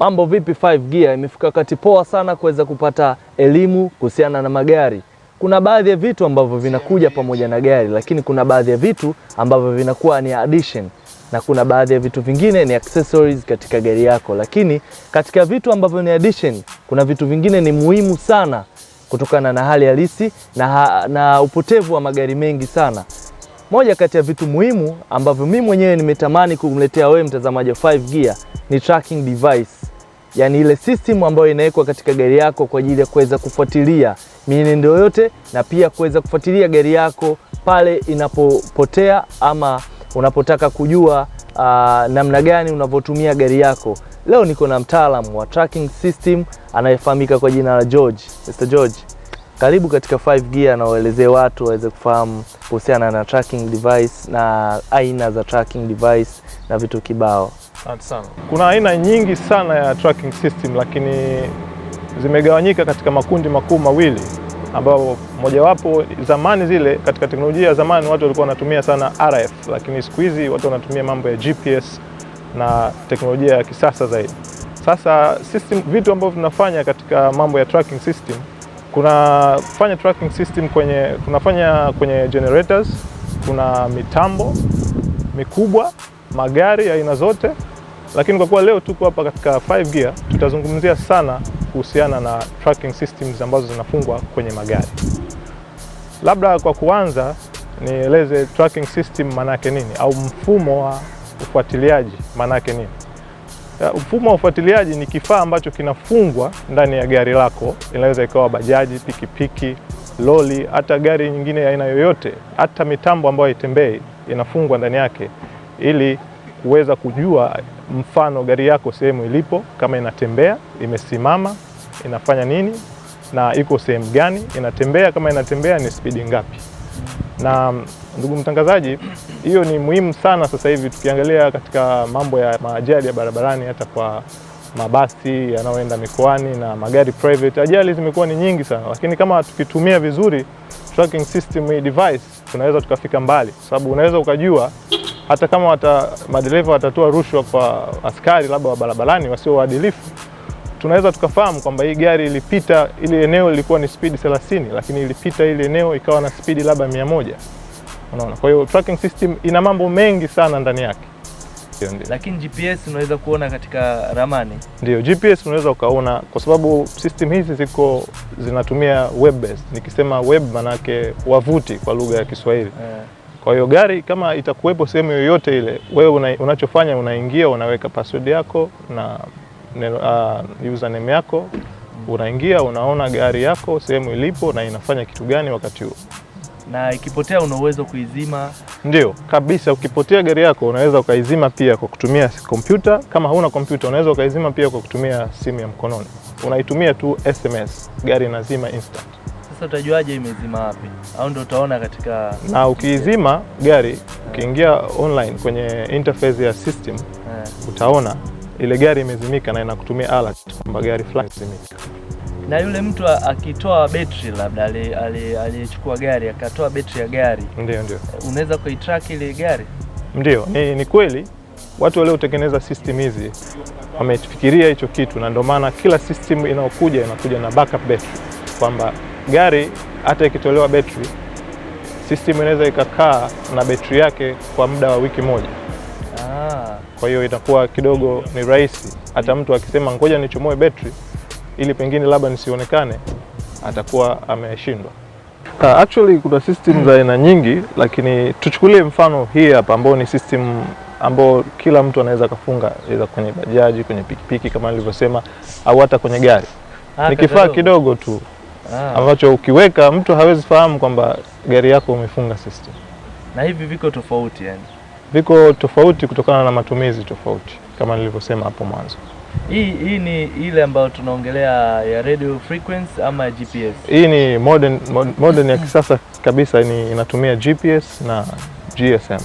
Mambo vipi 5 Gear, imefika wakati poa sana kuweza kupata elimu kuhusiana na magari. Kuna baadhi ya vitu ambavyo vinakuja pamoja na gari, lakini kuna baadhi ya vitu ambavyo vinakuwa ni addition na kuna baadhi ya vitu vingine ni accessories katika gari yako, lakini katika vitu ambavyo ni addition, kuna vitu vingine ni muhimu sana kutokana na hali halisi na, ha na upotevu wa magari mengi sana. Moja kati ya vitu muhimu ambavyo mimi mwenyewe nimetamani kumletea wewe mtazamaji wa 5 Gear ni tracking device yani ile system ambayo inawekwa katika gari yako kwa ajili ya kuweza kufuatilia mienendo yote na pia kuweza kufuatilia gari yako pale inapopotea ama unapotaka kujua uh, namna gani unavyotumia gari yako. Leo niko na mtaalam wa tracking system anayefahamika kwa jina la George. Mr. George, karibu katika 5 Gear na waelezee watu waweze kufahamu kuhusiana na tracking device na aina za tracking device na vitu kibao. Asante sana. Kuna aina nyingi sana ya tracking system, lakini zimegawanyika katika makundi makuu mawili, ambapo mojawapo zamani zile, katika teknolojia ya zamani watu walikuwa wanatumia sana RF, lakini siku hizi watu wanatumia mambo ya GPS na teknolojia ya kisasa zaidi. Sasa system, vitu ambavyo tunafanya katika mambo ya tracking system kunafanya tracking system kwenye tunafanya kwenye generators, kuna mitambo mikubwa, magari aina zote lakini kwa kuwa leo tuko hapa katika 5 gear, tutazungumzia sana kuhusiana na tracking systems ambazo zinafungwa kwenye magari. Labda kwa kuanza nieleze tracking system yake nini au mfumo wa ufuatiliaji maanake nini? Mfumo wa ufuatiliaji ni kifaa ambacho kinafungwa ndani ya gari lako. Inaweza ikawa bajaji, pikipiki, loli, hata gari nyingine ya aina yoyote, hata mitambo ambayo haitembei inafungwa ndani yake ili kuweza kujua mfano gari yako sehemu ilipo, kama inatembea, imesimama, inafanya nini na iko sehemu gani, inatembea kama inatembea, ni spidi ngapi. Na ndugu mtangazaji, hiyo ni muhimu sana sasa hivi tukiangalia katika mambo ya maajali ya barabarani, hata kwa mabasi yanayoenda mikoani na magari private, ajali zimekuwa ni nyingi sana, lakini kama tukitumia vizuri tracking system device, tunaweza tukafika mbali, sababu unaweza ukajua hata kama wata, madereva watatoa rushwa kwa askari labda wa barabarani wasio waadilifu, tunaweza tukafahamu kwamba hii gari ilipita ili eneo lilikuwa ni spidi 30 lakini ilipita ili eneo ikawa na spidi labda 100. Unaona, kwa hiyo tracking system ina mambo mengi sana ndani yake. Lakini GPS unaweza kuona katika ramani. Ndio, GPS unaweza ukaona kwa sababu system hizi ziko zinatumia web based. Nikisema web manake wavuti kwa lugha ya Kiswahili yeah. Kwa hiyo gari kama itakuwepo sehemu yoyote ile, wewe una, unachofanya unaingia, unaweka password yako na uh, username yako, unaingia unaona gari yako sehemu ilipo na inafanya kitu gani wakati huo na ikipotea una uwezo kuizima. Ndio kabisa, ukipotea gari yako unaweza ukaizima pia kwa kutumia kompyuta. Kama huna kompyuta, unaweza ukaizima pia kwa kutumia simu ya mkononi, unaitumia tu SMS, gari inazima instant. Sasa utajuaje imezima wapi? Au ndio utaona katika na ukiizima gari ukiingia online kwenye interface ya system yeah. Utaona ile gari imezimika na inakutumia alert kwamba gari fulani imezimika. Na yule mtu akitoa betri labda aliyechukua gari akatoa betri ya gari, ndio ndio unaweza kuitrack ile gari. Ndio ni, ni kweli watu waliotengeneza system hizi wamefikiria hicho kitu, na ndio maana kila system inayokuja inakuja na backup battery kwamba gari hata ikitolewa betri system inaweza ikakaa na betri yake kwa muda wa wiki moja. Ah. Kwa hiyo itakuwa kidogo ni rahisi, hata mtu akisema ngoja nichomoe betri ili pengine labda nisionekane, atakuwa ameshindwa. Ah, actually kuna system za aina nyingi, lakini tuchukulie mfano hii hapa ambao ni system ambao kila mtu anaweza akafunga, aidha kwenye bajaji, kwenye pikipiki kama nilivyosema, au hata kwenye gari. Ah, ni kifaa kidogo tu ah, ambacho ukiweka mtu hawezi fahamu kwamba gari yako umefunga system. Na hivi viko tofauti yani? Viko tofauti kutokana na matumizi tofauti kama nilivyosema hapo mwanzo. Hii, hii ni ile ambayo tunaongelea ya radio frequency ama GPS? Hii ni modern, modern ya kisasa kabisa ni inatumia GPS na GSM.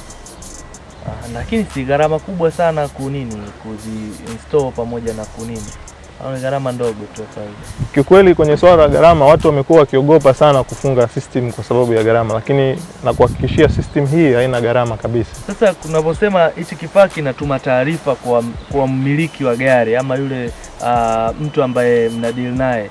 Ah, lakini si gharama kubwa sana kunini kuzi install pamoja na kunini ni gharama ndogo tu kwanza. Kiukweli kwenye swala la gharama watu wamekuwa wakiogopa sana kufunga system kwa sababu ya gharama, lakini na kuhakikishia system hii haina gharama kabisa. Sasa kunaposema hichi kifaa kinatuma taarifa kwa, kwa mmiliki wa gari ama yule uh, mtu ambaye mnadili naye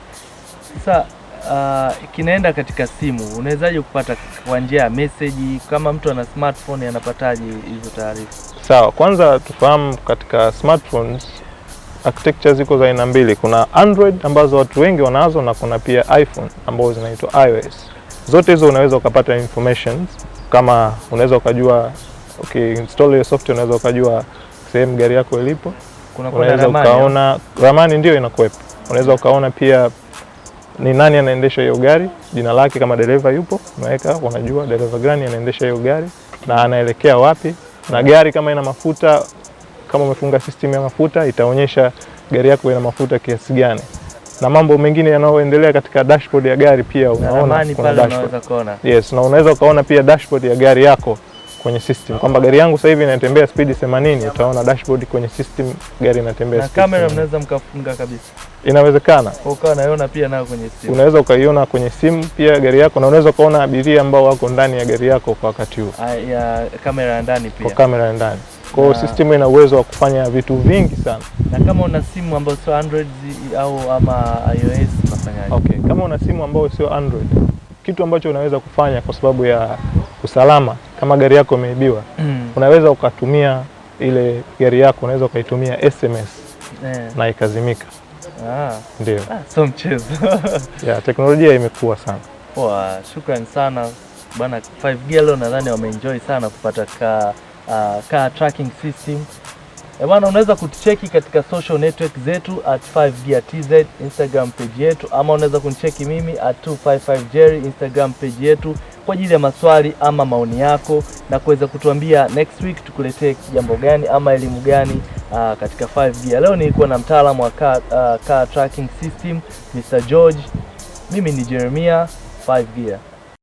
sasa Uh, kinaenda katika simu, unawezaje kupata kwa njia ya meseji? Kama mtu ana smartphone anapataje hizo taarifa? Sawa, kwanza tufahamu katika smartphones architecture ziko za aina mbili, kuna Android ambazo watu wengi wanazo na kuna pia iPhone ambazo zinaitwa iOS. Zote hizo unaweza ukapata information kama unaweza ukajua ukiinstall okay, hiyo software unaweza ukajua sehemu gari yako ilipo, Kuna unaweza ukaona ramani ndio inakuwepo, unaweza ukaona pia ni nani anaendesha hiyo gari, jina lake, kama dereva yupo unaweka, unajua dereva gani anaendesha hiyo gari na anaelekea wapi, na gari kama ina mafuta kama umefunga system ya mafuta itaonyesha gari yako ina mafuta kiasi gani na mambo mengine yanayoendelea katika dashboard ya gari pia unaona kuna dashboard. Kuona. Yes, na unaweza ukaona pia dashboard ya gari yako kwenye system kwamba gari yangu sasa hivi inatembea speed 80, utaona dashboard kwenye system gari inatembea na kamera mnaweza mkafunga kabisa. Inawezekana. Ukawa naiona pia nayo kwenye simu. Unaweza ukaiona kwenye simu pia gari yako na unaweza ukaona abiria ambao wako ndani ya gari yako kwa wakati huo. Ah, ya kamera ndani pia. Kwa kamera ndani. Kwa hiyo system ina uwezo wa kufanya vitu vingi sana. Na kama una simu ambayo sio Android au ama iOS unafanyaje? Okay, kama una simu ambayo sio Android, kitu ambacho unaweza kufanya kwa sababu ya usalama, kama gari yako imeibiwa, mm. unaweza ukatumia ile gari yako, unaweza ukaitumia SMS yeah, na ikazimika. Ah, ndio Ah, so mchezo ya teknolojia imekuwa sana. Poa, shukrani sana bana 5G. Leo nadhani wameenjoy sana kupata ka uh, car tracking system. Ebana, unaweza kutucheki katika social network zetu at 5gear Instagram page yetu, ama unaweza kunicheki mimi at 255 jerry Instagram page yetu kwa ajili ya maswali ama maoni yako na kuweza kutuambia next week tukuletee jambo gani ama elimu gani uh, katika 5gear. Leo nilikuwa na mtaalamu wa car, uh, car tracking system Mr George. Mimi ni Jeremia 5gear.